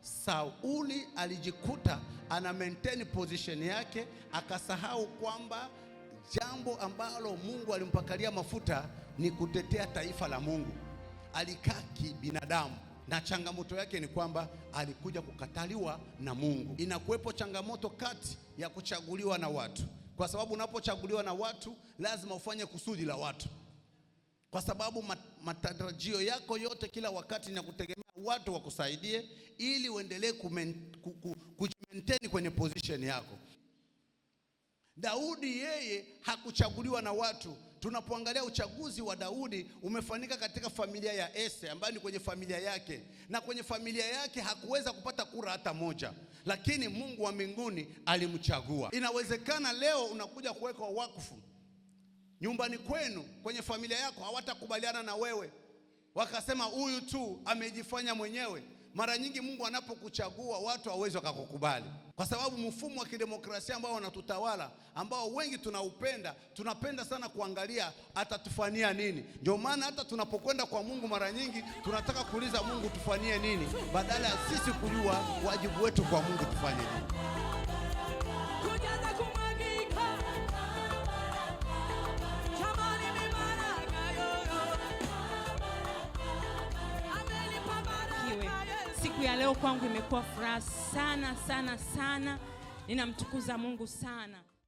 Sauli alijikuta ana maintain position yake, akasahau kwamba jambo ambalo Mungu alimpakalia mafuta ni kutetea taifa la Mungu. Alikaa kibinadamu, na changamoto yake ni kwamba alikuja kukataliwa na Mungu. Inakuwepo changamoto kati ya kuchaguliwa na watu, kwa sababu unapochaguliwa na watu lazima ufanye kusudi la watu, kwa sababu matarajio yako yote kila wakati ni kutegemea watu wakusaidie ili uendelee kujimaintain kwenye position yako. Daudi yeye hakuchaguliwa na watu. Tunapoangalia uchaguzi wa Daudi umefanyika katika familia ya Ese, ambayo ni kwenye familia yake, na kwenye familia yake hakuweza kupata kura hata moja, lakini Mungu wa mbinguni alimchagua. Inawezekana leo unakuja kuwekwa wakfu nyumbani kwenu, kwenye familia yako hawatakubaliana na wewe wakasema huyu tu amejifanya mwenyewe. Mara nyingi Mungu anapokuchagua watu hawezi wakakukubali, kwa sababu mfumo wa kidemokrasia ambao wanatutawala ambao wengi tunaupenda, tunapenda sana kuangalia atatufanyia nini. Ndio maana hata tunapokwenda kwa Mungu mara nyingi tunataka kuuliza Mungu tufanyie nini, badala ya sisi kujua wajibu wetu kwa Mungu tufanye nini. Siku ya leo kwangu imekuwa furaha sana sana sana, ninamtukuza Mungu sana.